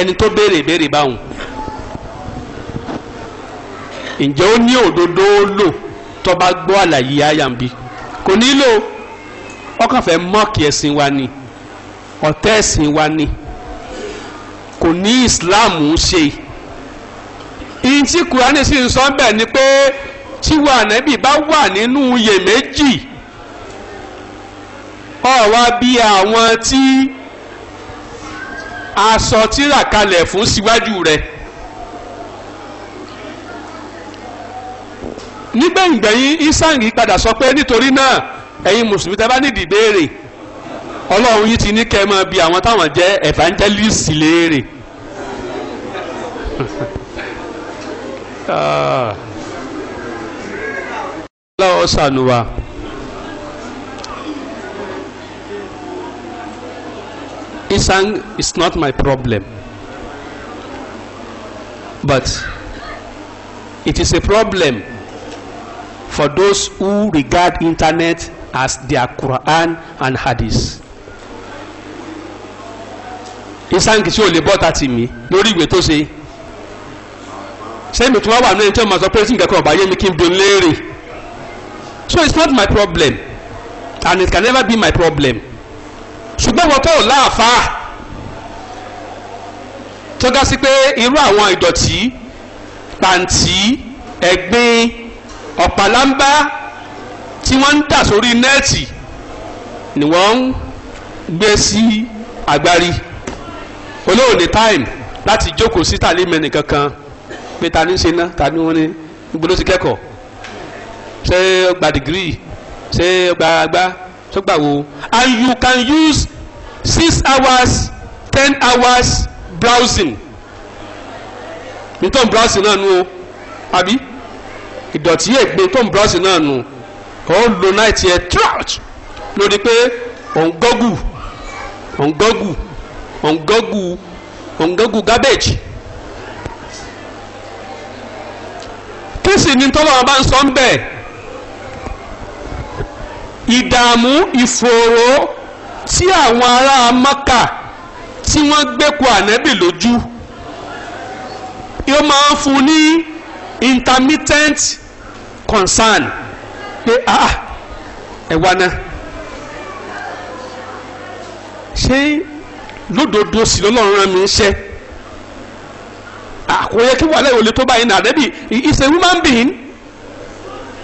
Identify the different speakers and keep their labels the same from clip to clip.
Speaker 1: ẹni tó béèrè béèrè báwọn ǹjẹ́ ó ní òdodo lò tó bá gbọ́ àlàyé àyàmbi kò nílò ọkàn fẹ́ mọ́ọ̀kì ẹ̀sìn wa ni ọ̀tẹ́ ẹ̀sìn wa ni kò ní Islam ṣe ìyìn tí Kùránì sì ń sọ bẹ́ẹ̀ ni pé tíwa ànábì bá wà nínú iyèméjì ọ̀wá bíi àwọn tí. Ti a sọ tírà kalẹ̀ fún síwájú rẹ̀ nígbẹ̀yìngbẹ̀yìn isangi padà sọ pé nítorí náà ẹ̀yin mùsùlùmí tẹ́ bá nídìí béèrè ọlọ́run yìí ti ní kẹ́ ẹ máa bi àwọn táwọn jẹ́ evangelist léèrè. Ah. ọlọ́run ṣàánú wa. Isang is not my problem. But it is a problem for those who regard internet as their Quran and Hadith. Isang tí o lè bọ́ ta ti mi lórí ìwé tó ṣe sẹ́yìn tí wọ́n wà ní ẹni tí wọ́n máa sọ pé sí nǹkan ọ̀bá yé mi kí n don léèrè so it's not my problem and it can never be my problem ṣùgbọ́n wọn tó láàfáà tó ga sí pé irú àwọn ìdọ̀tí pàǹtí ẹ̀gbin ọ̀pàlàmbá tí wọ́n ń dà sórí nẹ́ẹ̀tì ni wọ́n ń gbé sí agbárí olóò ní táìmù láti jókòó sí tàlímẹ̀ nìkan kan pé ta ní í ṣe ná ta ní wọ́n ní gbọ́dọ̀ ti kẹ́kọ̀ọ́ ṣé ó gba dìgírì ṣé ó gba agbá tó gbà wo and you can use six hours ten hours browsing nítorí browsing náà nu o àbí ìdọ̀tí ègbé tó ń browsing náà nu ó ń lo night yẹn throughout lórí pé òun gọ́gù òun gọ́gù òun gọ́gù òun gọ́gù garbage kí sì ni tọ́lọ́wọ́n bá ń sọ ń bẹ̀. ìdààmú ìfòòró tí àwọn ará maka tí wọ́n gbé ànẹ́bì lójú yóò máa ń fún ní intermittent concern pé ah, ah ẹ̀wà náà ṣé lódodo sí lọ́lọ́run rán mi ń ṣe àkóyẹ ah, kí wàhálà ìwòlè tó báyìí nà ànẹ́bì is a human being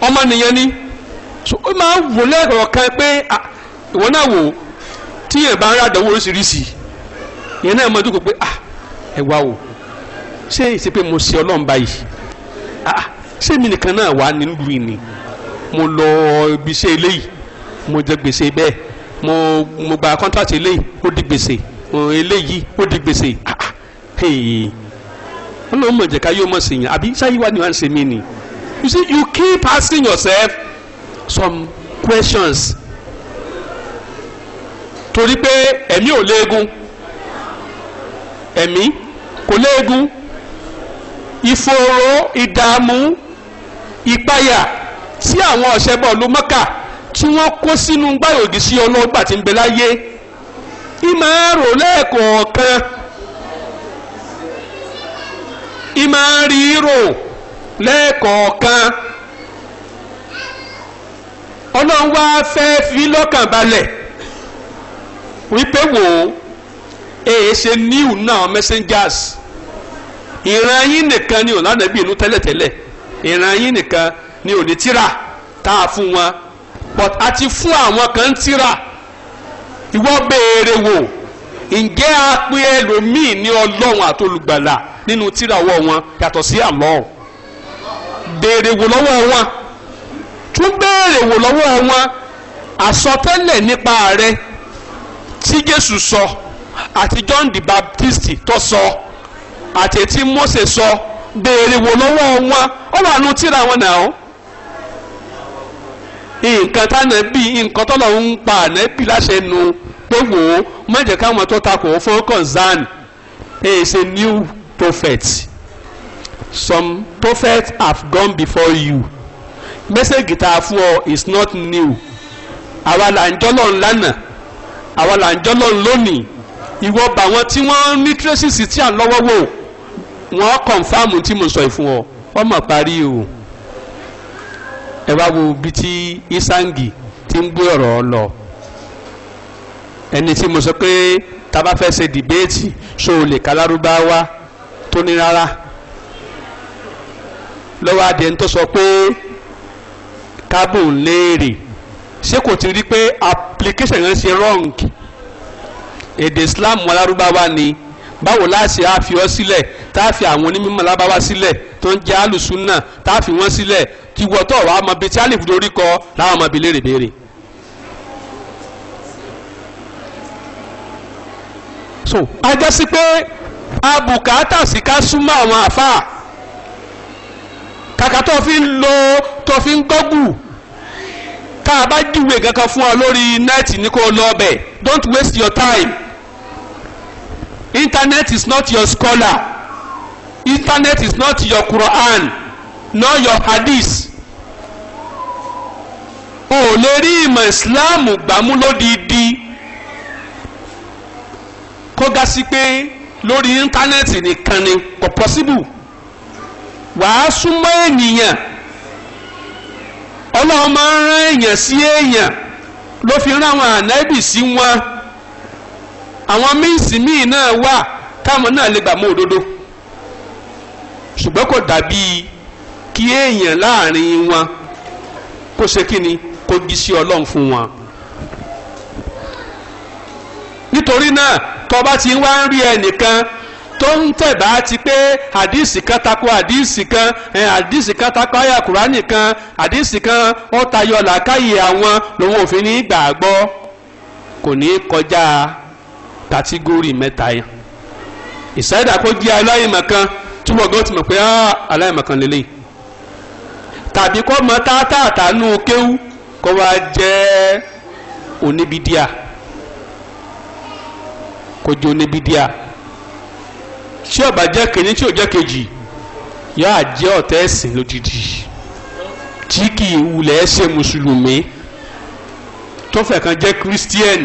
Speaker 1: ọmọnìyàn so ó máa wò lẹ́rọ̀ kan pé ìwọ náà wò tí yẹn bá ń ràdánwò oríṣiríṣi yẹn náà mọ̀ dúkọ̀ pé ẹ wá o ṣé èsì pé mo ṣe ọlọ́run báyìí ṣé mi nìkan náà wà nílùú ìní mo lọ ibi iṣẹ́ eléyìí mo jẹ gbèsè bẹ́ẹ̀ mo mo gba kọ́ńtàtì eléyìí ó di gbèsè eléyìí ó di gbèsè ọlọ́run mọ̀ jẹ́ ká yóò mọ̀ sí yẹn àbí ṣáyé wà ní wà ń ṣe mí ni you see you keep asking yourself some questions torí pé ẹ̀mí ò léegun ẹ̀mí kò léegun ìfòòró ìdààmú ìpayà tí àwọn ọ̀sẹ̀bọ̀ ló mọ́kà tí wọ́n kó sínú gbàyògì sí ọlọ́gbà tí ń bẹ láyé ìmọ̀ rò lẹ́ẹ̀kọ̀ọ̀kan ìmọ̀ rí lẹ́ẹ̀kọ̀ọ̀kan ọlọ́run wá fẹ́ fi lọ́kàn balẹ̀ wípé wò ó èyí ṣe new now messengers ìran yín nìkan ni òlànàbí ìlú tẹ́lẹ̀tẹ́lẹ̀ ìran yín nìkan ni òní tíra tá a fún wọn but a ti fún àwọn kan tíra ìwọ béèrè wò ǹjẹ́ a pé ẹlòmíì ní ọlọ́run àtolùgbàlà nínú tíra ọwọ́ wọn yàtọ̀ sí àlọ́ béèrè wò lọ́wọ́ wọn tún béèrè wò lọ́wọ́ àwọn àsọtẹ́lẹ̀ nípa rẹ tí Jésù sọ àti John the Baptist tó sọ àti tí Mósè sọ béèrè wò lọ́wọ́ wọn ó wà nù tíra wọn nà ó nǹkan tánàbí nǹkan tọ́lọ̀ ń pa ànábì láṣẹ nu pé wò ó má káwọn tó takò fún concern he is a new prophet some prophets have gone before you mẹ́sẹ̀gì tá a fún ọ is not new àwa là ń jọ́lọ̀ lánàá àwa là ń jọ́lọ̀ lónìí ìwọ bá wọn tí wọ́n ní traces tí à ń lọ́wọ́ wò wọ́n confam tí mo sọ ìfún ọ ọmọ parí o ẹ wá wo bí tí isangi ti ń gbé ọ̀rọ̀ lọ ẹni tí mo sọ pé tá bá fẹ́ ṣe dìbéètì so o lè ka tó ní rárá lọ́wọ́ adìẹ ń tó sọ pé kábò ń léèrè ṣé kò ti rí pé application yẹn ṣe wrong èdè Islam alárúbáwá ni báwo láṣẹ àfi ọ sílẹ̀ tá a fi àwọn onímọ̀ alábáwá sílẹ̀ tó ń jẹ́ alùsùnà tá wọ́n sílẹ̀ kí wọ́n tó wàá mọ bíi tí alif dorí kọ láwọn ọmọ bíi léèrè béèrè. so a jẹ́ sí pé a bùkátà sí ká súnmọ́ àwọn àfáà kàkà fi ń lo tó fi ń gọ́gù tá a bá júwe kankan fún ọ lórí nẹ́ẹ̀tì ní kó lọ ọbẹ̀ don't waste your time internet is not your scholar internet is not your Quran nor your hadith o lè rí ìmọ̀ ìsìláàmù gbàmú lódìdí kó ga sí pé lórí íńtánẹ́ẹ̀tì nìkan ni kò pọ́síbù wàá súnmọ́ ènìyàn ọlọ́run máa ń rán èèyàn sí èèyàn ló fi rán àwọn ànábì sí wọn àwọn míìsì míì náà wà táwọn náà lè gbà mọ́ òdodo ṣùgbọ́n kò dàbí kí èèyàn láàrin wọn kó ṣe kí ni kó gbí sí ọlọ́run fún wọn nítorí náà tó bá ti wá ń rí ẹnìkan tó ń tẹ̀bá ti pé àdìsí kan tako àdìsí kan àdìsí kan tako àyà kùránì kan àdìsí kan ó tayọ làákàyè àwọn lòun òfin ní gbàgbọ́ kò ní kọjá kàtígórì mẹ́ta yẹn ìsáyédà kó jẹ́ aláìmọ̀ kan túbọ̀ gan ti mọ̀ pé aláìmọ̀ kan lélẹ̀ tàbí kó mọ tátàtà nù kéwú kó wá jẹ́ oníbídíà kó jẹ́ oníbídíà tí ó bá jẹ́ kìíní tí ò jẹ́ kejì yóò jẹ́ ọ̀tẹ̀ ẹ̀sìn lójijì tí kì í wulẹ̀ ṣe mùsùlùmí tó fẹ́ kan jẹ́ christian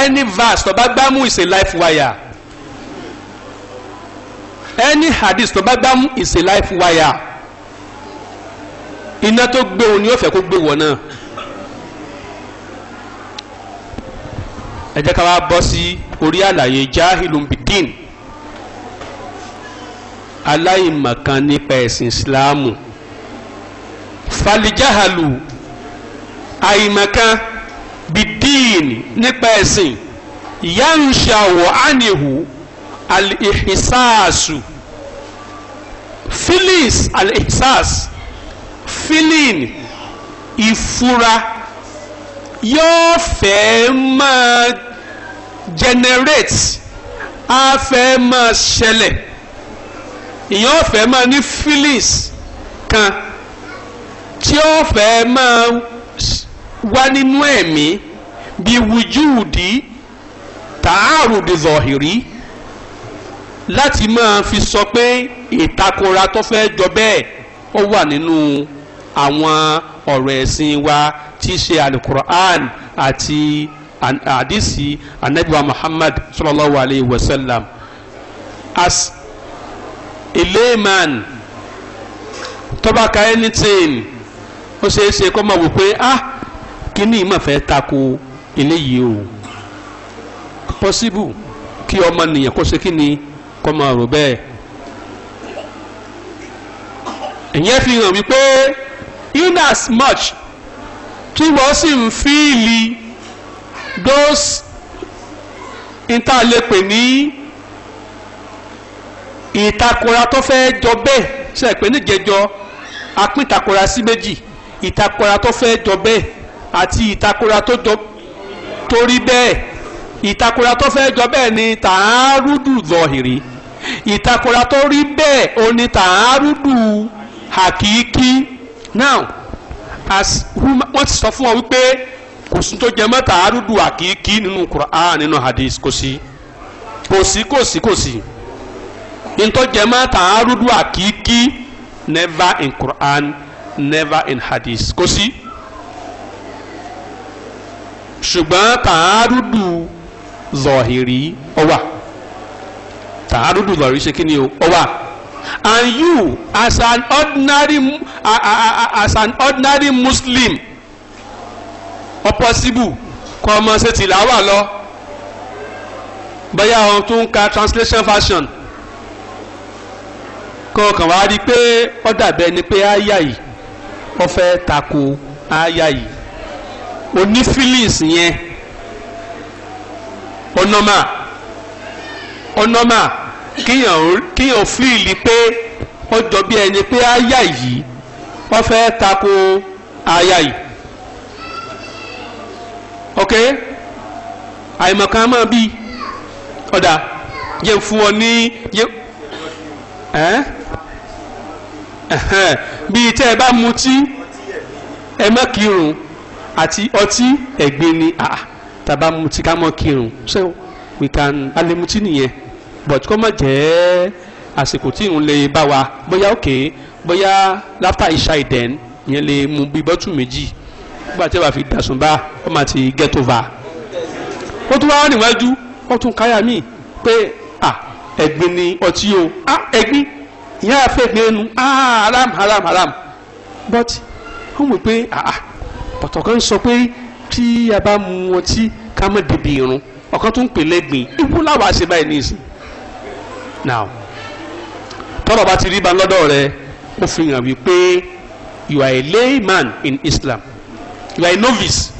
Speaker 1: any verse tó bá gbámú is a life wire any hadith tó bá gbámú is a life wire iná tó gbé òun ni ó fẹ́ kó gbé wọ̀ náà. ẹ jẹ́ ká wá bọ́ sí orí àlàyé jahilun bidin aláìmọ̀kan nípa ẹ̀sìn ìsìláàmù falijahalu àìmọ̀kan bidin nípa ẹ̀sìn yanṣawo anihu al-ihsaasu filis al filin ìfura yóò fẹ́ máa generate á fẹ́ máa ṣẹlẹ̀ ìyẹn ó fẹ́ máa ní feelings kan tí ó fẹ́ máa wá nínú ẹ̀mí bí wùjúùdí tààrùdì zọ̀hìrí láti máa fi sọ pé ìtakora tó fẹ́ jọ bẹ́ẹ̀ ó wà nínú àwọn ọ̀rọ̀ ẹ̀sìn wa tí í ṣe alukur'an àti àdìsí anabiwa muhammad sallallahu alayhi wa sallam as a layman tó bá ka anything ó ṣeé ṣe kó máa wò pé ah kíní ìmọ̀ fẹ́ tako eléyìí o possible kí ọmọnìyàn kó ṣe kíni kó máa rò bẹ́ẹ̀ ìyẹn fi hàn wípé in as much tí wọ́n sì ń fíìlì those ìtàlẹ́pè ní ìtakora tó fẹ́ jọ bẹ́ẹ̀ sẹ́pẹ́ níjẹjọ apín ìtakora sí méjì ìtakora tó fẹ́ jọ bẹ́ẹ̀ àti ìtakora tó jọ torí bẹ́ẹ̀ ìtakora tó fẹ́ jọ bẹ́ẹ̀ ni tààrúdù zọ̀hìrì ìtakora tó rí bẹ́ẹ̀ o tààrúdù hàkìkí now as wọ́n ti sọ fún ọ wípé kò sí tó jẹ mọ́ta arúgbó àkíkí nínú Qur'an nínú hadith kò sí kò sí kò sí kò sí ntọ́jẹ mọ́ta arúgbó àkíkí never in Qur'an never in hadith kò sí ṣùgbọ́n tààrúdù zọ̀hìrì ọwà tààrúdù zọ̀hìrì ṣe kí ni o ọwà and you as an ordinary as an ordinary muslim impossible kọ́ ọmọ ṣe tìláwà lọ bóyá ohun tó ń ka translation version kọ́ ọkàn wá rí i pé ó dàbẹ́ ni pé áyà yìí ó fẹ́ tako áyà yìí oní feelings yẹn ọ̀nọ́mà ọ̀nọ́mà kíyàn fíìlì pé ó jọ bí ẹni pé àyà yìí wọ́n fẹ́ tako àyà yìí ok àìmọ̀kan máa bí ọ̀dà yẹ fún ọ ní yẹ ẹ́ bíi tẹ́ ẹ bá mutí ẹ má kírun àti ọtí ẹ̀gbin ni tàbá mutí ká má kírun so we can alẹ́ mutí nìyẹn but kó mọ̀ jẹ́ àsìkò tí ìrun lè bá wa bóyá òkè bóyá láfta ìṣá ìdẹ́n ìyẹn lè mu bíi bọ́tù méjì nígbà tí wàá fi dàsùn bá ó máa ti get over. ó tún wá níwájú ó tún káyà míì pé ẹ̀gbin ni ọtí o ẹ̀gbin ìyá àfẹ́gbin ẹnu haram haram haram but ó mọ̀ pé àà kan sọ pé tí a bá mu ọtí ká má débi irun ọ̀kan tún pè lẹ́gbin ibú làwọn àṣẹ báyìí nìyí sí now tọ́rọ̀ bá ti rí ba lọ́dọ̀ rẹ ó fi hàn wípé you are a layman in Islam you are a novice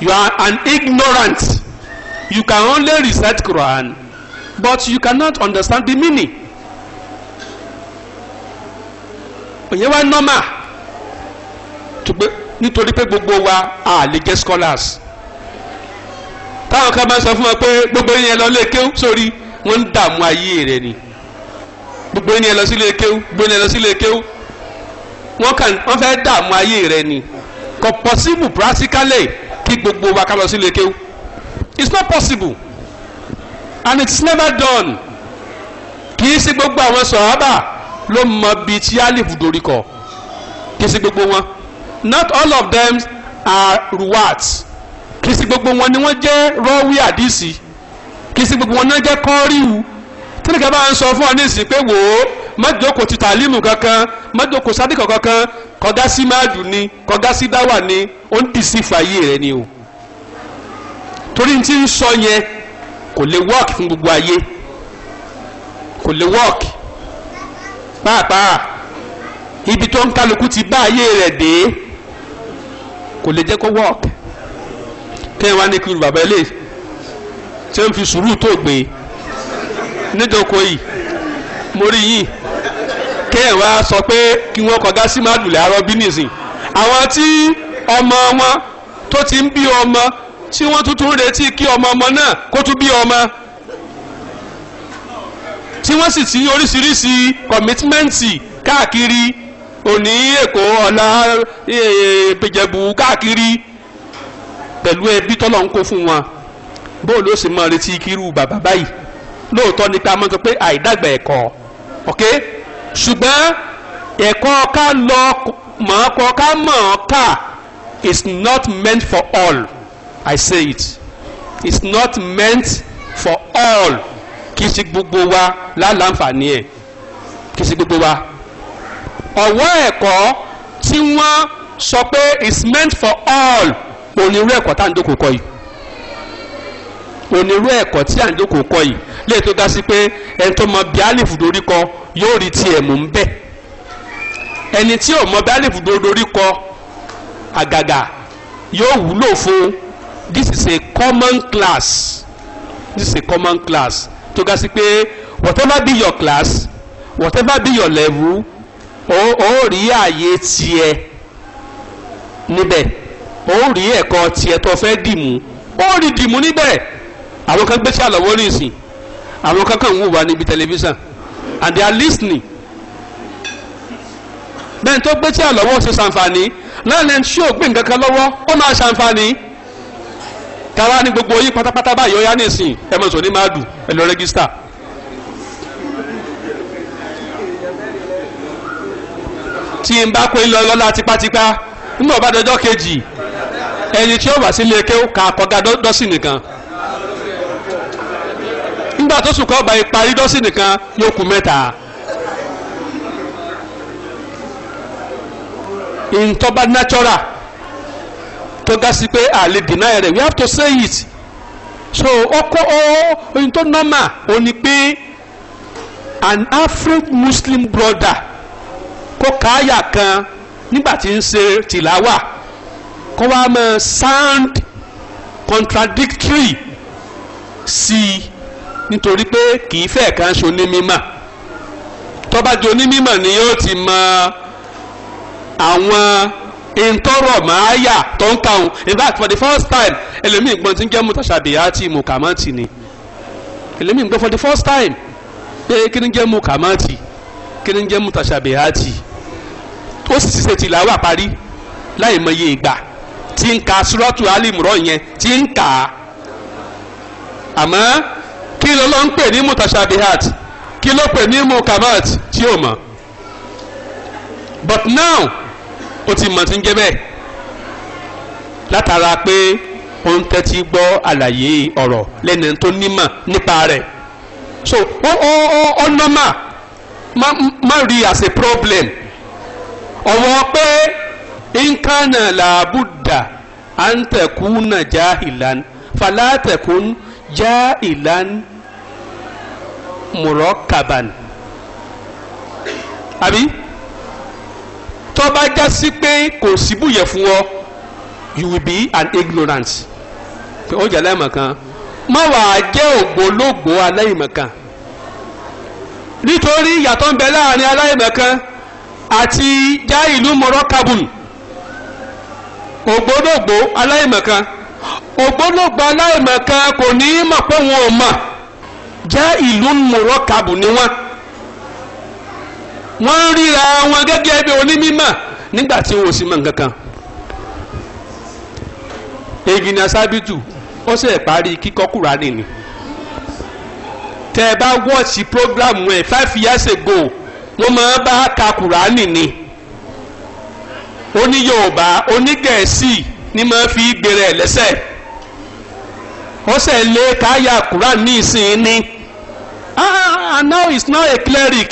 Speaker 1: you are an ignorant you can only recite Quran but you cannot understand the meaning òyìn wa normal nítorí pé gbogbo wa a lè jẹ́ scholars táwọn kan bá sọ fún wa pé gbogbo yẹn lọ lè kéwú sórí. So wọ́n ń dààmú ayé rẹ ni gbogbo ẹni ẹ lọ sílé kéwú gbogbo ẹni ẹ lọ sílé kéwú wọ́n kàn wọ́n fẹ́ dààmú ayé rẹ ni kò possible practically kí gbogbo wa ká lọ sílé kéwú it's not possible and it's never done kì í sí gbogbo àwọn sọ̀hábà ló mọ bí tí alif dorí kọ kì í sí gbogbo wọn not all of them are ruwats kì í sí gbogbo wọn ni wọ́n jẹ́ rọ́wí àdìsí kì í sí gbogbo wọn náà jẹ́ kọ́ríwù tẹ́lẹ̀kẹ́ bá ń sọ fún ọ ní ìsìn pé wò ó mọ́jọ́kò ti tàlímù kankan mọ́jọ́kò sádìkọ̀ kankan kọ́gá sí máàdù ni kọ́gá sí dáwà ni ó ń dì sí fàyè rẹ ni o torí ti ń sọ yẹn kò lè wọ́ọ̀kì fún gbogbo ayé kò lè wọ́ọ̀kì pàápàá ibi tó ń kálukú ti bá ayé rẹ̀ dé kò lè jẹ́ kó wọ́ọ̀kì kẹ́hìn wá ní kí n bàbá eléyìí ṣé ń fi sùúrù tó gbé níjókòó yìí mo rí yìí kéèyàn wá sọ pé kí wọ́n kọjá sí mádùlẹ̀ arọ bí nìsín àwọn tí ọmọ wọn tó ti ń bí ọmọ tí wọ́n tuntun retí kí ọmọ ọmọ náà kó tún bí ọmọ tí wọ́n sì ti oríṣiríṣi kọ̀mítímẹ́ǹtì káàkiri òní èkó ọ̀la ìjẹ̀bù káàkiri pẹ̀lú ẹbí tọ́lọ̀ ń kó fún wọn bóòlù ó sì mọ retí kírú bàbá báyìí lóòótọ́ ni ká pé àìdàgbà ẹ̀kọ́ ok ṣùgbọ́n ẹ̀kọ́ ká lọ mọ̀ ọ́ ká mọ̀ ọ́ kà is not meant for all I say it it's not meant for all kì í ṣe gbogbo wa láǹfààní ẹ̀ kì í ṣe gbogbo wa ọ̀wọ́ ẹ̀kọ́ tí wọ́n sọ pé it's meant for all onírú ẹ̀kọ́ tá à ń dókòó kọ́ yìí onírú ẹ̀kọ́ tí à ń jókòó kọ́ yìí lè tó ga sí pé ẹni tó mọ bí dorí kọ yóò rí tiẹ̀ mú ń bẹ̀ ẹni tí ò mọ bí dorí kọ àgàgà yóò wúlò fún this is a common class this is a common class tó ga sí pé whatever be your class whatever be your level ó ó rí ààyè tiẹ̀ níbẹ̀ ó rí ẹ̀kọ́ tiẹ̀ tó fẹ́ dìmú ó rí dìmú níbẹ̀ àwọn kan gbé sí àlọ́wọ́ ní ìsìn àwọn kan kàn ń wùwà níbi tẹlifíṣàn and they are listening bẹ́ẹ̀ tó gbé sí àlọ́wọ́ ṣe ṣàǹfààní láàrin ẹni tí yóò gbé nǹkan kan lọ́wọ́ ó máa ṣàǹfààní tàwa ni gbogbo yín pátápátá báyìí ó yá ní ìsìn ẹ mọ̀ sọ ní máa dùn ẹ lọ rẹ́gísítà. tí n bá pé lọ lọ́la tipátipá nígbà bá dọjọ́ kejì ẹni tí ó wà sílé kéwù kà á kọ́ dọ́sìn nìkan ńgbà tó sùn kọ́ ọba ìparí dọ́sìn nìkan yóò kú mẹ́ta. ntọ́ba natural tó ga sí pé àlè deny rẹ̀ we have to say it so ọkọ ohun tó normal ó ní pé an Afro Muslim brother kó káyà kan nígbà tí ń ṣe tìláwà kó wá mọ sound contradictory sí i nítorí pé kì í fẹ́ kan ṣo ní mímọ̀ tó jọ ní mímọ̀ ni yóò ti mọ àwọn ntọ́rọ̀ máa yà tó ń kà wọn in fact for the first time ẹlòmíì gbọ́n ti ń jẹ́ mutashabihati mukamati ni ẹlòmíì gbọ́n for the first time pé kí ni jẹ́ mukamati kí ni jẹ́ mutashabihati ó sì ti ṣe tìlàwà parí láì mọye ìgbà tí ń ka suratu alimuro yẹn tí ń kà á àmọ́ kí ló ló ń pè ní mutashabihat kí ló pè ní mukamat tí ò mọ̀ but now ó ti mọ̀ tí ń jẹ́ bẹ́ẹ̀ látara pé ó ń tẹ́tí gbọ́ àlàyé ọ̀rọ̀ lẹ́nu tó nímọ̀ nípa rẹ̀ so ó ó ó ó nọ́mà má rí as a problem ọ̀wọ́ pé nkánà làbúdà à ń tẹ̀kú náà já ìlànà fàlàtẹ̀kú já ìlànà. mùrọ́kàbàn àbí tó bá já sí pé kò síbùyẹ̀ fún ọ you will be an ignorant ó jẹ́ aláìmọ̀kan má wàá jẹ́ ògbólógbòó aláìmọ̀kan nítorí ìyàtọ̀ ń bẹ láàrin aláìmọ̀kan àti jáìlú mọ̀rọ́kàbùn aláìmọ̀kan aláìmọ̀kan kò ní í mọ̀ pé jẹ́ ìlú mọ̀rọ́kàbù ni wọ́n wọ́n ríra wọn gẹ́gẹ́ bí onímọ̀ nígbà tí wọ́n ò mọ̀ nǹkan kan egini asábìtù ó sì parí kíkọ́ kúránì ni tẹ́ ẹ bá wọ́ọ̀sì program ẹ̀ five years ago wọ́n máa bá ka kúránì ni oní Yorùbá ni máa fi gbèrè lese lẹ́sẹ̀ ó sì lé káyà kúránì and now he's now a cleric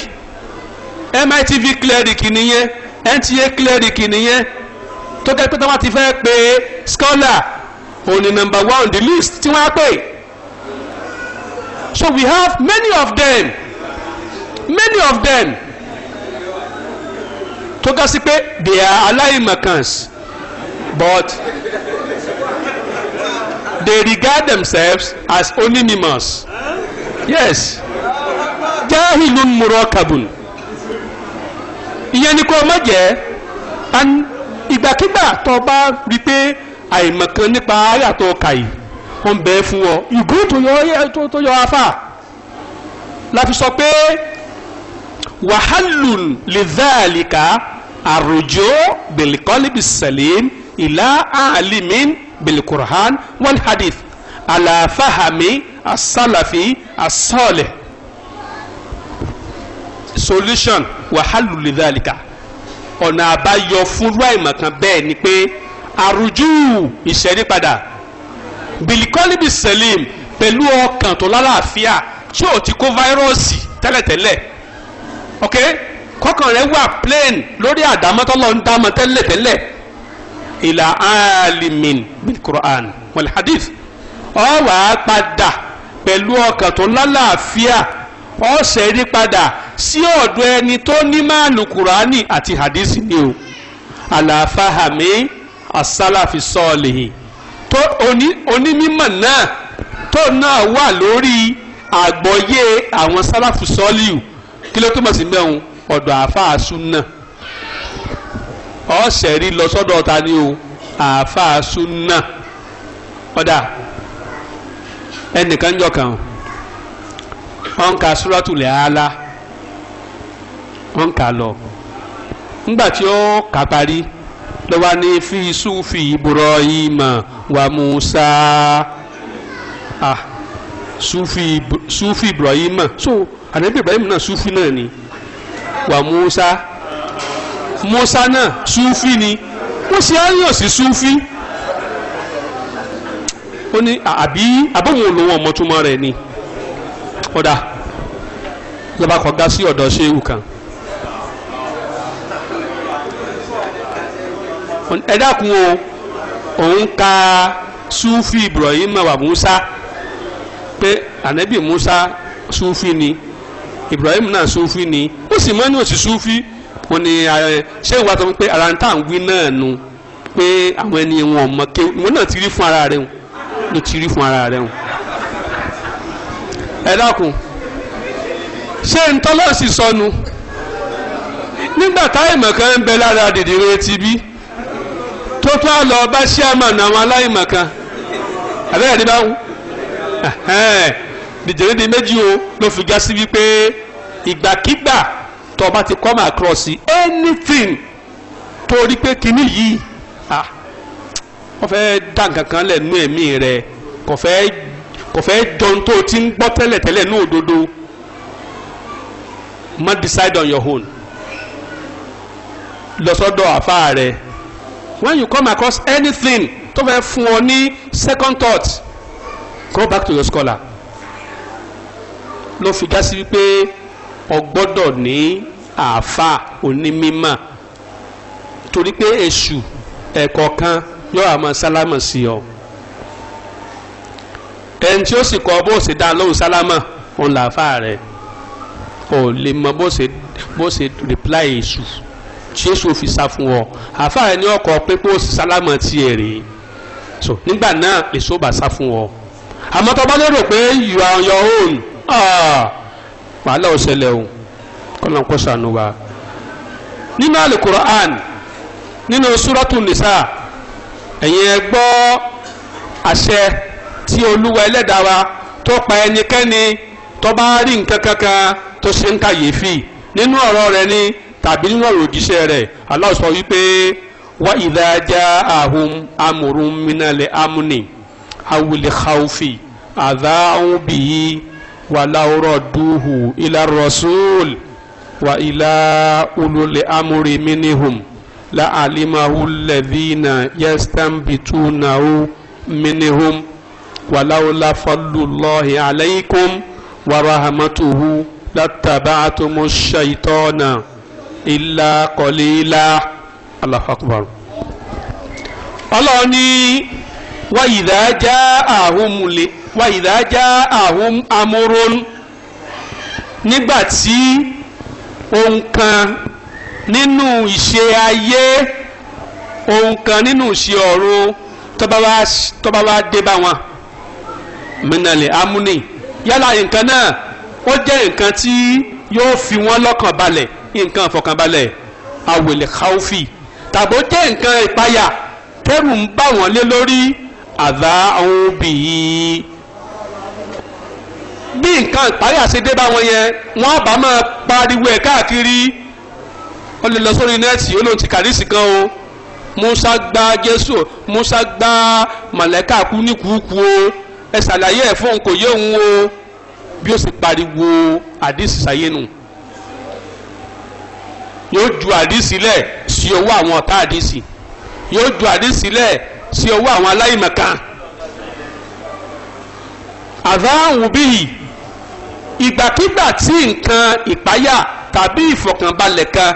Speaker 1: mitv cleric nìyẹn nta cleric nìyẹn tó kẹ́ pé táwọn ti fẹ́ pé scholar òun ni number one on the list tí wọ́n á pè so we have many of them many of them tó ga sí pé they are aláìmọ̀kàns but they regard themselves as only mimos yes jahilun murakabun ìyẹn ni kò má jẹ́ ìgbàkigbà tó bá rí pé àìmọ̀kan nípa àyà tó kà yìí ó ń bẹ fún ọ ìgò tó yọ afá la fi sọ pé wàhálùn lè dáàlìkà àròjó bìlìkọ́lìbì sẹ̀lẹ̀m ìlà àlìmín bìlìkùrán wal hadith àlàfàhàmì asálàfì asọ́ọ̀lẹ̀. As solution wàhálù lè dàlíkà ọ̀nà àbáyọ fúnrú àìmọ̀kan bẹ́ẹ̀ ni pé àrùjù ìṣẹ́nípadà bilikọ́líbi selim pẹ̀lú ọkàn tó lálàáfíà tí ò ti kó fáírọ́ọ̀sì tẹ́lẹ̀tẹ́lẹ̀ ok kọ́kàn rẹ̀ wà plain lórí àdámọ́tọ́lọ́ ń dámọ́ tẹ́lẹ̀tẹ́lẹ̀ ìlà alimin bil quran wal hadith ọ wàá padà pẹ̀lú ọkàn tó lálàáfíà ọ̀sẹ̀ rí padà sí ọ̀dọ̀ ẹni tó ní máàlù kùránì àti hadisi ni o àlàfàhàmì asálàfi sọ́ọ̀lì tó onímọ̀ náà tó náà wà lórí àgbọ́yé àwọn sálàfi sọ́ọ̀lì kí ló túmọ̀ sí mẹ́hun ọ̀dọ̀ àáfàá súnà ọ̀sẹ̀ rí lọ sọ́dọ̀ ta ni o àáfàá súnà ọ̀dà ẹnìkan jọ ọ̀nkà súrọ́tù lẹ́hàlá wọ́n ń kà lọ ńgbà tí ó kà parí lọ́wọ́ ní fi sufi Ibrahim wa Musa ah sufi sufi Ibrahim so ànábì Ibrahim náà sufi náà ni wa Musa Musa náà sufi ni wọ́n ṣe á yàn sufi ó ní àbí àbọ̀wọ̀n lòun ọmọ túmọ̀ rẹ̀ ni ọ̀dà lọ́ba kọ̀ọ̀gá sí ọ̀dọ̀ ṣéwù kan. ẹ dákun o òun ka sufi Ibrahim wa Musa pé anabi Musa sufi ni Ibrahim náà sufi ni ó sì mọ́ òsì sufi wọn ni ṣé ìwà tó ń pé ara ń tà ń wí náà nu pé àwọn ẹni wọn mọ ké wọn náà ti rí fún ara rẹ wọn ló ti rí fún ara rẹ wọn ẹ dákun ṣé ntọ́lọ́sì sọnù nígbà táìmọ̀ kan ń bẹ lára dìdìrẹ́ ti bí tó a lọ bá chairman àwọn aláìmọ̀kan abẹ́rẹ́ ní bá wù nìjẹ́rì di méjì o ló fi já wípé ìgbàkigbà tó o bá ti come across anything tó o rí pé kinní yìí wọ́n fẹ́ dá nǹkan kan lẹ̀ nú ẹ̀mí rẹ̀ kò fẹ́ jọun tó o ti ń gbọ́ tẹ́lẹ̀tẹ́lẹ̀ ní òdodo má decide on your own lọ sọ́dọ̀ àfáà rẹ̀ when you come across anything tó fẹ́ fún ọ ní second thought go back to the scholar ló fi dá sí wípé o gbọ́dọ̀ ní àáfà onímímọ̀ torí pé èṣù ẹ̀kọ́ kan yóò àmọ́ sálámà sí ọ ẹni tí ó sì kọ bó ṣe dá lóhùn sálámà òun làáfà rẹ̀ ò lè mọ bó ṣe reply èṣù jésù fi sá fún ọ àfáà ní ọkọ pé kó o sì sálámọ so nígbà náà èso bá sá fún ọ àmọ́ tó bá lérò pé you are on your own ah, wàhálà ò ṣẹlẹ̀ o kọ́nà kó sànù wa nínú alukur'an nínú súrọ́tù nìsà ẹ̀yin ẹ gbọ́ àṣẹ tí olúwa ẹlẹ́dàá wa tó pa ẹnikẹ́ni tó bá rí nǹkan kankan tó ṣe ń kàyéfì nínú ọ̀rọ̀ rẹ̀ ni tàbí nínú ọ̀rọ̀ òjíṣẹ́ rẹ̀ Allah sọ wípé wa idha ja'ahum amrun minal amni awil khawfi adha'u bihi walaw radduhu ila rasul wa ila ulul amri minhum la'alimahu alladhina yastanbitunahu minhum walawla fadlullahi alaykum wa rahmatuhu لاتبعتم الشيطان illa qalila Allahu akbar ọlọ́run ní wa idha ja'ahum lè wa idha ja'ahum amrun nígbà tí ohun kan nínú ìṣe ayé ohun kan nínú ìṣe ọ̀run tọ́ba wá dé bá wọn mìnàlẹ̀ amúnì yálà nǹkan náà ó jẹ́ nǹkan tí yóò fi wọ́n lọ́kàn balẹ̀ nǹkan àfọkànbalẹ̀ awèlè káwọ́fì tàbó jẹ́ nǹkan ìpayà tẹ́rù ń bà wọ́n lé lórí àdá àwọn òbí yìí bí nǹkan ìpayà ṣe dé bá wọn yẹn wọ́n bá máa pariwo ẹ̀ káàkiri wọ́n lè lọ sórí nẹ́ẹ̀tì olóhùn ti kàdísì kan o Musa gba Jésù Musa gba mọ̀lẹ́kà kú ní kúkú o ẹ ṣàlàyé ẹ̀ fún òun kò yé òun o bí ó sì pariwo àdísì sáyé nù yóò ju àdìsí lẹ̀ sí ọwọ́ àwọn ọ̀tá àdìsí yóò ju àdìsí lẹ̀ sí ọwọ́ àwọn aláìmọ̀kan àdáhùn bíi ìgbàkigbà tí nǹkan ìpáyà tàbí ìfọ̀kànbalẹ̀ kan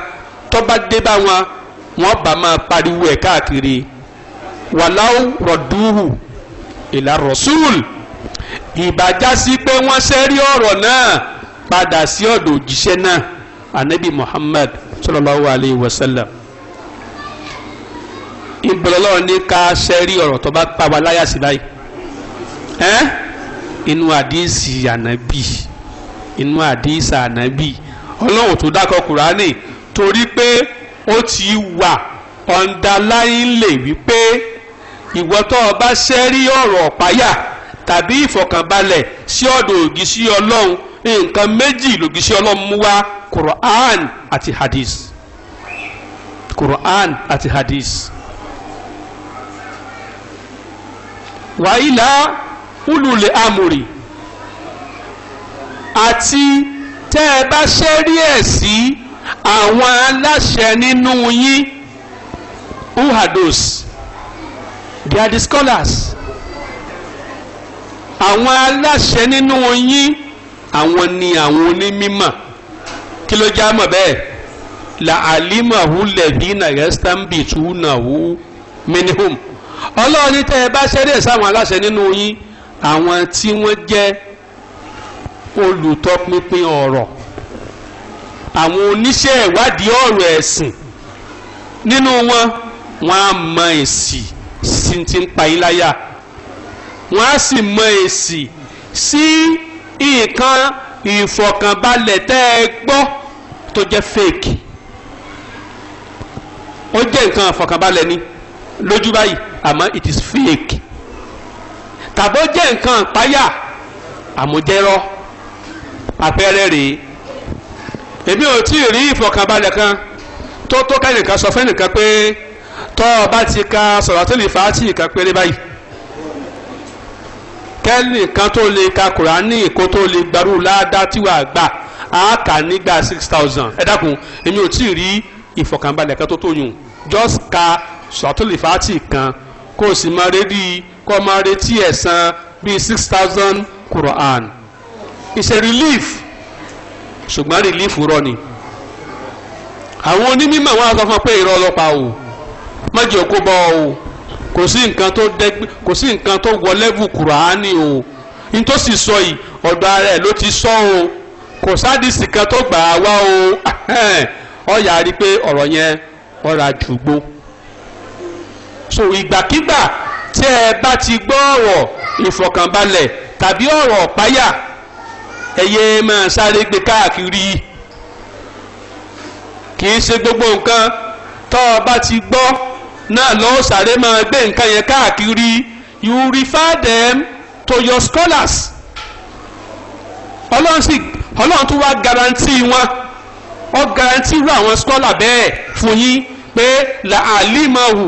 Speaker 1: tó bá dé bá wọn wọn bá máa pariwo ẹ̀ káàkiri wàláwù rọ̀dúhù ìlà rọ̀súùl ìbájásí pé wọ́n ṣẹ́rí ọ̀rọ̀ náà padà sí ọ̀dọ̀ òjíṣẹ́ náà anabi Muhammad sallallahu alayhi wa sallam ìbọ̀lọ́lọ́ ní ká sẹ́rí ọ̀rọ̀ tó bá pa wa láyà sí báyìí ẹ́n inú àdìsí ànábì inú àdìsí ànábì ọlọ́run tó dákọ̀ kùránì torí pé ó ti wà ọ̀ndàláyínlè wípé ìwọ tó o bá sẹ́rí ọ̀rọ̀ ọ̀páyà tàbí ìfọ̀kànbalẹ̀ sí ọ̀dọ̀ ògì sí ọlọ́run nǹkan méjì lògì sí ọlọ́run mú wá quran àti hadith quran àti hadith wàhílà ulùlẹ̀ amòrì àti tẹ́ ẹ bá ṣe rí ẹ̀ sí àwọn aláṣẹ nínú yín who are those they are the scholars àwọn aláṣẹ nínú yín àwọn ni àwọn onímọ̀ kí ló já mọ̀ bẹ́ẹ̀ la alimahu lẹ́dínà yastanbitunahu minhum ọlọ́run ní tẹ́ ẹ bá ṣẹ́rẹ́ sáwọn aláṣẹ nínú yín àwọn tí wọ́n jẹ́ olùtọpinpin ọ̀rọ̀ àwọn oníṣẹ́ ìwádìí ọ̀rọ̀ ẹ̀sìn nínú wọn wọn á mọ èsì sí ti ń pa yín láyà wọn á sì mọ èsì sí nǹkan ìfọ̀kànbalẹ̀ tẹ́ ẹ gbọ́ tó jẹ́ fake ó jẹ́ nǹkan àfọkànbalẹ̀ ni lójú báyìí àmọ́ it is fake tàbó jẹ́ nǹkan àpáyà àmújẹ́rọ́ àpẹẹrẹ rèé èmi ò tí ì rí ìfọkànbalẹ̀ kan tó tó kẹ́nìkan sọ fẹ́nìkan pé tọ́ ọ bá ti ka sọ̀rọ̀tìlì fàátì kan péré báyìí kẹ́nìkan tó lè ka kùránì kó tó lè gbarú ládá tí wàá gbà a kà nígbà six thousand ẹ dákun èmi ò tí ì rí ìfọ̀kànbalẹ̀ kan tó tó yùn just ka sọ̀tòlìfàtì kan kó o sì máa rédí kó o máa retí ẹ̀san bíi six thousand quran it's a relief ṣùgbọ́n relief rọ ni àwọn onímọ̀ wọn sọ fún ọ pé irọ́ ọlọ́pàá o mọ̀jẹ̀ kó bọ́ o kò sí nǹkan tó dẹ́gbẹ́ kò sí nǹkan tó wọlé bù kùránì o nítòsí sọ yìí ọ̀dọ̀ ara ẹ̀ ló ti sọ o. So kò sádìsì kan tó gbà á wá o ọ yà pé ọ̀rọ̀ yẹn ọ̀rọ̀ àjùgbó so ìgbàkigbà tí ẹ bá ti gbọ́ ọ̀rọ̀ ìfọ̀kànbalẹ̀ tàbí ọ̀rọ̀ ọ̀páyà ẹ̀yẹ máa sáré gbé káàkiri kì í ṣe gbogbo nǹkan tọ́ ọ bá ti gbọ́ náà lọ́ọ́ sáré máa gbé nǹkan yẹn káàkiri you refer them to your scholars ọlọ́run sì ọlọ́run tún wá garanti wọn ó garanti irú àwọn skọ́là bẹ́ẹ̀ fún yín pé làálímàhù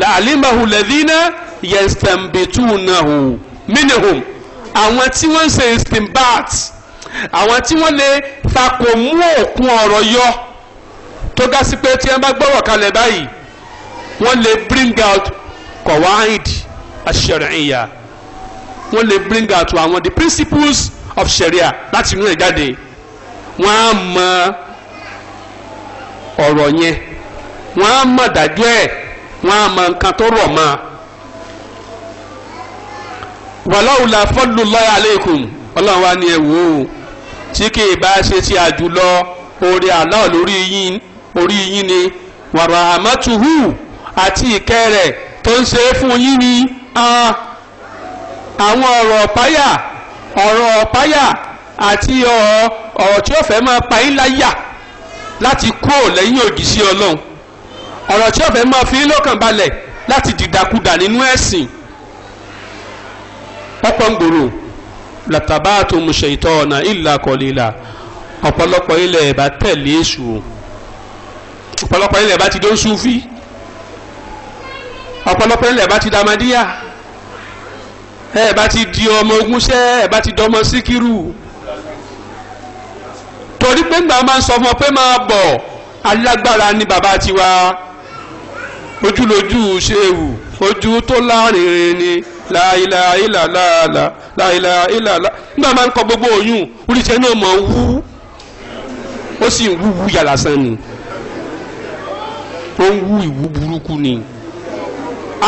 Speaker 1: làálímàhù lẹ́dínà yẹ̀ǹsẹ̀m̀bẹ̀tùnàhù mínìhùn àwọn tí wọ́n ń ṣe stimbat àwọn tí wọ́n lè takò mú òkun ọ̀rọ̀ yọ tó ga sí pé tí wọ́n bá gbọ́rọ̀ kalẹ̀ báyìí wọ́n lè bring out kọ̀wáìdì àṣẹrẹ̀ ìyá wọ́n lè bring out àwọn the principles of sharia láti inú rẹ̀ jáde wọ́n á mọ ọ̀rọ̀ yẹn wọ́n á mọ dájọ́ ẹ̀ wọ́n á mọ nǹkan tó rọ̀ mọ́ wàláwùlà fadlullahi alaykum ọlọ́run wa ni ẹ wò ó tí kì í bá ṣe ti àjùlọ oore Allah lórí yín orí yín ni wàrà àmọ́tuhù àti ìkẹ́ rẹ̀ tó ń ṣe fún yín ni ah, àwọn ọ̀rọ̀ ọ̀páyà ọ̀rọ̀ ọ̀páyà àti ọ̀rọ̀ tí ó fẹ́ máa pa yín láyà láti kú ò lẹ́yìn òdì sí ọlọ́run ọ̀rọ̀ tí ó fẹ́ máa fi yín lọ́kàn balẹ̀ láti dìdàkudà nínú ẹ̀sìn pọ́pọ́ ń gbòòrò làtàbáàtò mùsẹ̀ ìtọ́ ọ̀nà ìlà kọ̀lélà ọ̀pọ̀lọpọ̀ ilẹ̀ ẹ̀bá tẹ̀lé èṣù ọ̀pọ̀lọpọ̀ ilẹ̀ ẹ̀bá ti dó súfì ọ̀pọ̀lọpọ̀ ilẹ̀ ẹ̀bá ti dàmádíyà ẹ bá ti di ọmọ ogúnṣẹ́ ẹ bá ti di ọmọ síkírù torí pé ńgbà máa ń sọ fún ọ pé máa bọ̀ alágbára ni bàbá tiwa ojúlójú ṣéwù ojú tó lárinrin ni láìláìlàlá láìláìlàlá ńgbà máa ń kọ gbogbo oyún oríṣẹ́ náà mọ̀ wú ó sì ń wúwú yàrá sàn ni ó ń wú ìwú burúkú ni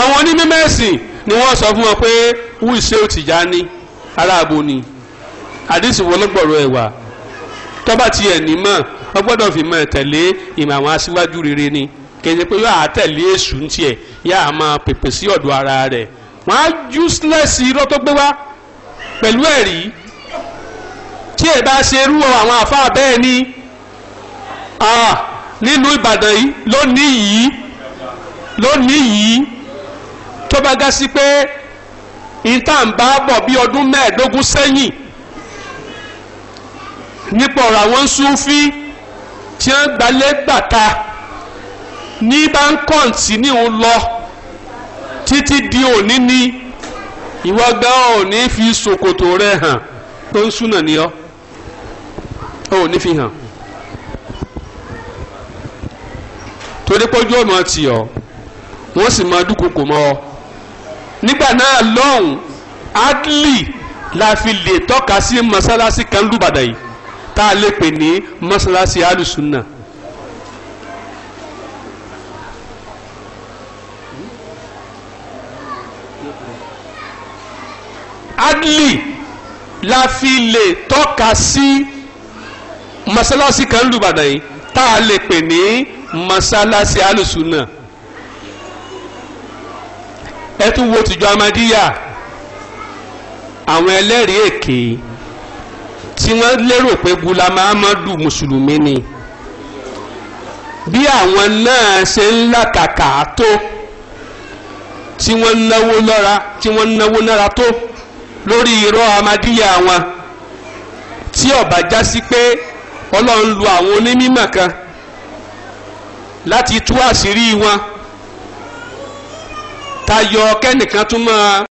Speaker 1: àwọn onímọ̀ ẹ̀sìn ni wọ́n sọ fún ọ pé wí ṣé ó ti já ní aráàbò ni àdìsí wo lọ́gbọ̀rọ̀ ẹ̀ wà tọ́ba ti ẹ̀ ní mọ̀ wọ́n gbọ́dọ̀ fi mọ̀ tẹ̀lé ìmọ̀ àwọn aṣíwájú rere ni kèdè pé yóò àtẹ̀lé èṣù ń tiẹ̀ yá a máa pèpè sí ọ̀dọ̀ ara rẹ̀ wọ́n á useless irọ́ tó gbé wá pẹ̀lú ẹ̀rí tí ẹ̀ bá ṣe rú àwọn àfáà bẹ́ẹ̀ ni nílùú Ìbàdàn yìí lónìí yìí lónìí yìí tó bá gá sí pé ìtàǹbá bọ̀ bí ọdún mẹ́ẹ̀ẹ́dógún sẹ́yìn nípa ọ̀rọ̀ àwọn Súfí tí wọ́n gbalẹ̀ gbàta ní lọ títí di òní ni ìwọ gbà ò fi ṣòkòtò rẹ hàn tó ń súnà ní ọ ò fi hàn torí pé ojú ọ̀nà ọ wọ́n sì máa dúkokò mọ́ ọ. nígbà náà lọ́hùn adli la fi lè tọ́ka sí mọ́sálásí kan lùbàdàn yìí tá a lè pè ní mọ́sálásí alùsùnà. adli la fi lè tọ́ka sí mọ́sálásí kan lùbàdàn yìí tá a lè pè ní mọ́sálásí alùsùnà ẹ tún wo tìjọ amadíyà àwọn ẹlẹ́rìí èké tí wọ́n lérò pé gulama amadu mùsùlùmí ni bí àwọn náà ṣe ń làkàkà tó tí wọ́n náwó lọ́ra tí wọ́n náwó lọ́ra tó lórí irọ́ amadíyà wọn tí ọba já sí pé ọlọ́run lu àwọn onímọ̀ kan láti tú àṣírí wọn tayọ kẹ́nìkan tún máa